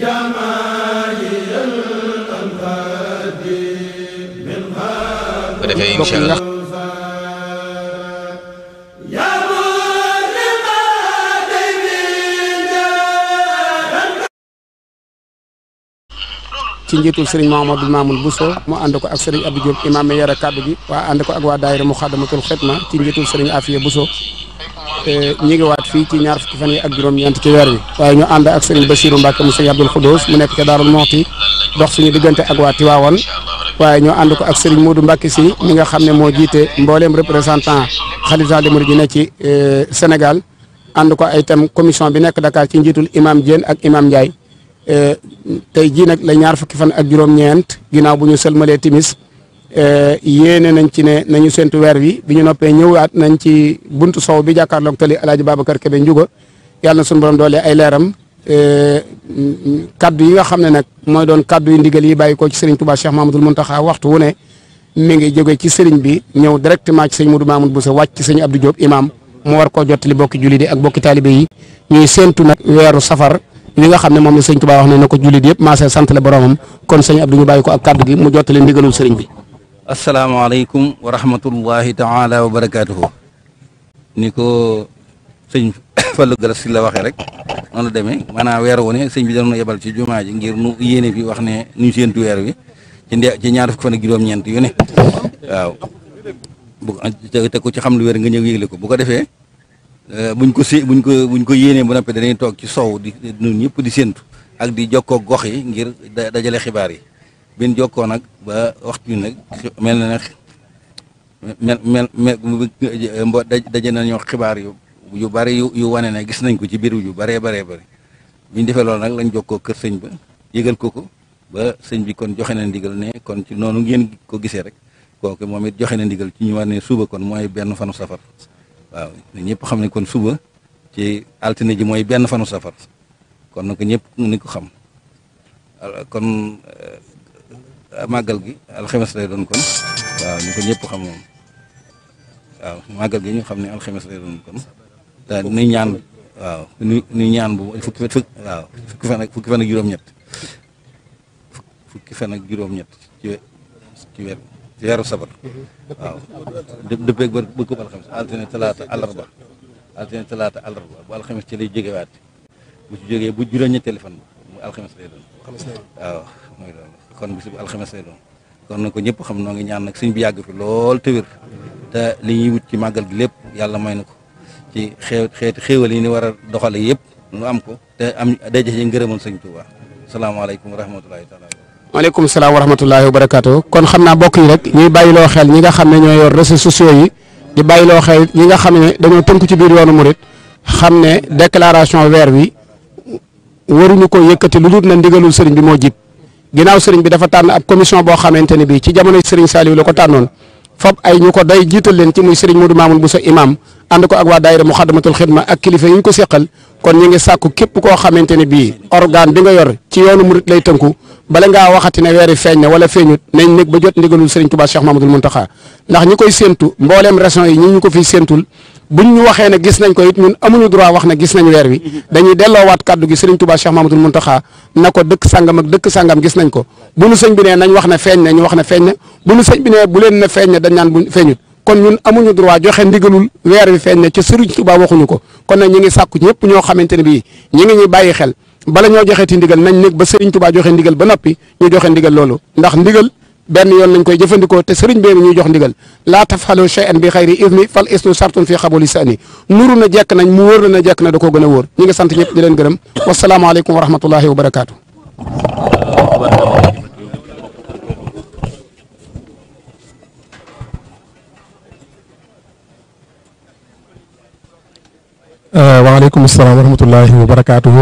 bu defee incha allah ci bu sëriñ mu ànd ko ak sëriñ Abdou imaam yara kàddu gi waa ànd ko ak waa daayira Muxaddamatul Xidma ci njiitul sëriñ Afiya Bousso te ñi ngi waat fii ci ñaar fukki fan yi ak juróom-ñeent ci weer wi waaye ñu ànd ak sëriñ Bassirou Mbacke mu sëriñ Abdoul Khoudous mu nekk ca Daarul Moxti dox suñu diggante ak waa Tiwaawan waaye ñoo ànd ko ak sëriñ Modou Mbacke si mi nga xam ne moo jiite mbooleem représentant xalifa général des mourides yi ne ci euh, Sénégal ànd ko ay tam commission bi nekk Dakar ci njiitul imam jeen ak imam Ndiaye euh, tey jii nag la ñaar fukki fan ak juróom-ñeent ginnaaw bu ñu sëlmalee timis Eh, yéene nañ ci ne nañu séntu weer wi bi ñu noppee ñëwaat nañ ci buntu sow bi jàkkaarloog tali El Hadj Babacar Kébé Ndiouga yàlla na sunu borom doole ay leeram eh, kaddu yi nga xam ne nag mooy doon kaddu yu ndigal yi bàyyi ko ci Serigne Touba Cheikh Mamadou Mountakha waxtu wu ne mi ngi jóge ci Serigne bi ñëw directement ci sëñ Moudou Mamoun Boussa wàcc ci sëñ Abdou Diop imam mu war koo jottali bokki jullit ak bokki taalibe yi ñuy séntu nag weeru safar. li nga xam ne moom la sëñ Tuubaa wax ne na ko jullit yëpp maa sant la boromam kon sëñ Abdou ñu bàyyi ko ak kàddu gi mu jottali ndigalul sëriñ bi asalaamaaleykum wa rahmatullahi taala wa barakaatuhu ni ko sëñ Fallou Gallas si la waxee rek noonu la demee maanaam weer wu ne sëñ bi dana yebal ci jumaa ji ngir nu yéene fi wax ne nu séentu weer wi ci ndee ci ñaar fukki fan ak juróom-ñeent yu ne waaw bu te ko ci xam lu weer nga ñëw yégle ko bu ko defee euh, buñ ko si buñ ko buñ ko yéenee bu noppee danañ toog ci sow di ñun ñëpp di séentu ak di jokkoo gox yi ngir dajale xibaar yi bin jokkoo nag ba waxtu nag mel na ne mel mel mel eh, eh, daje nañu xibaar yu yu bari yu wane ne gis nañ ko ci biir yu baree baree bari bi ñu defee nag lañ jokkoo kër sëñ ba yëgal ko ko ba sëñ bi kon joxe na ndigal ne kon ci noonu ngeen ko gisee rek kooku moom it joxe na ndigal ci ñu war ne suba kon mooy benn fanu safar waaw ñëpp xam ne kon suba ci altine ji mooy benn fanu safar kon nag ñëpp ni ko xam kon eh, màggal gi alxemes lay doon kon waaw ñu ko ñëpp xam moom waaw màggal gi ñu xam ne alxemes lay doon kon daal ñaan waaw nuy ñaan bu fukki fan waaw ak fukki fan ak juróom-ñett fukki fan ak juróom-ñett ci ci ci weeru sabar waaw dëppeeg bër bë kub alxemes altine talaata alarba bu alxemes ci lay jegewaat bu ci jógee bu juróom-ñetteeli fan ba alxames lay doon. waaw mooy loolu kon bis bu alxames lay doon. kon na ko ñëpp xam noo ngi ñaan nag suñ bi yàgg fi lool te wér te li ñuy wut ci màggal gi lépp yàlla may na ko ci xeet xeeti xéewal yi ni war a doxale yëpp nu am ko te am day jafe ngërëmal sëñ Tuuba salaamaaleykum wa rahmatulahi taala waaleykum salaam wa rahmatulahi wa barakaatu kon xam naa bokk yi rek ñuy bàyyiloo xel ñi nga xam ne ñoo yor réseaux sociaux yi di bàyyiloo xel ñi nga xam ne dañoo tënk ci biir yoonu murit xam ne déclaration weer wi waruñu ko yëkkati lu dul na ndigalul sëriñ bi moo jib ginnaaw sëriñ bi dafa tànn ab commission boo xamante ne bii ci jamonoy sëriñ Saliou la ko tànnoon fab ay ñu ko doy jiital leen ci muy sëriñ Modou Mamoun Bousso imam ànd ko ak waa daayira Muxaddamatul Xidma ak kilifa yi ñu ko seqal kon ñi ngi sàkku képp koo xamante ne bii organe bi nga yor ci yoonu murit lay tënku bala ngaa waxati ne weeri feeñ na wala feeñut nañ nekk ba jot ndigalul Serigne Touba Cheikh Mamadou Mountakha ndax ñi koy séentu mbooleem régions yi ñu ko fiy séentul buñ ñu waxee ne gis nañ ko it ñun amuñu droit wax ne gis nañ weer wi dañuy delloowaat kàddu gi Serigne Touba Cheikh Mamadou Mountakha na ko dëkk sangam dëkk sangam gis nañ ko bu nu sëñ bi nee nañ wax na feeñ na ñu wax na feeñ na bu nu sëñ bi nee bu leen ne feeñ na dañ naan bu feeñut kon ñun amuñu droit joxe ndigalul weer wi feeñ ne ci Sëriñ Tuubaa waxuñu ko kon nag ñi ngi sàkku ñëpp ñoo xamante ne bii ñi ngi ñuy bàyyi xel bala ñoo joxeeti ndigal nañ nekk ba Sëriñ Tuubaa joxe ndigal ba noppi ñu joxe ndigal loolu ndax ndigal benn yoon nañ koy jëfandikoo te sëriñ bee ñuy jox ndigal laa tafxalu shay'an bi xayri ismi fal isnu sartun fii xabuli sani nuru na jekk nañ mu wóor la na jekk na da koo gën a wóor ñi ngi sant ñëpp di leen gërëm wasalaamaaleykum wa rahmatullahi wa barakaatu Eh, waaleykum salaam wa rahmatullahi wa barakaatu.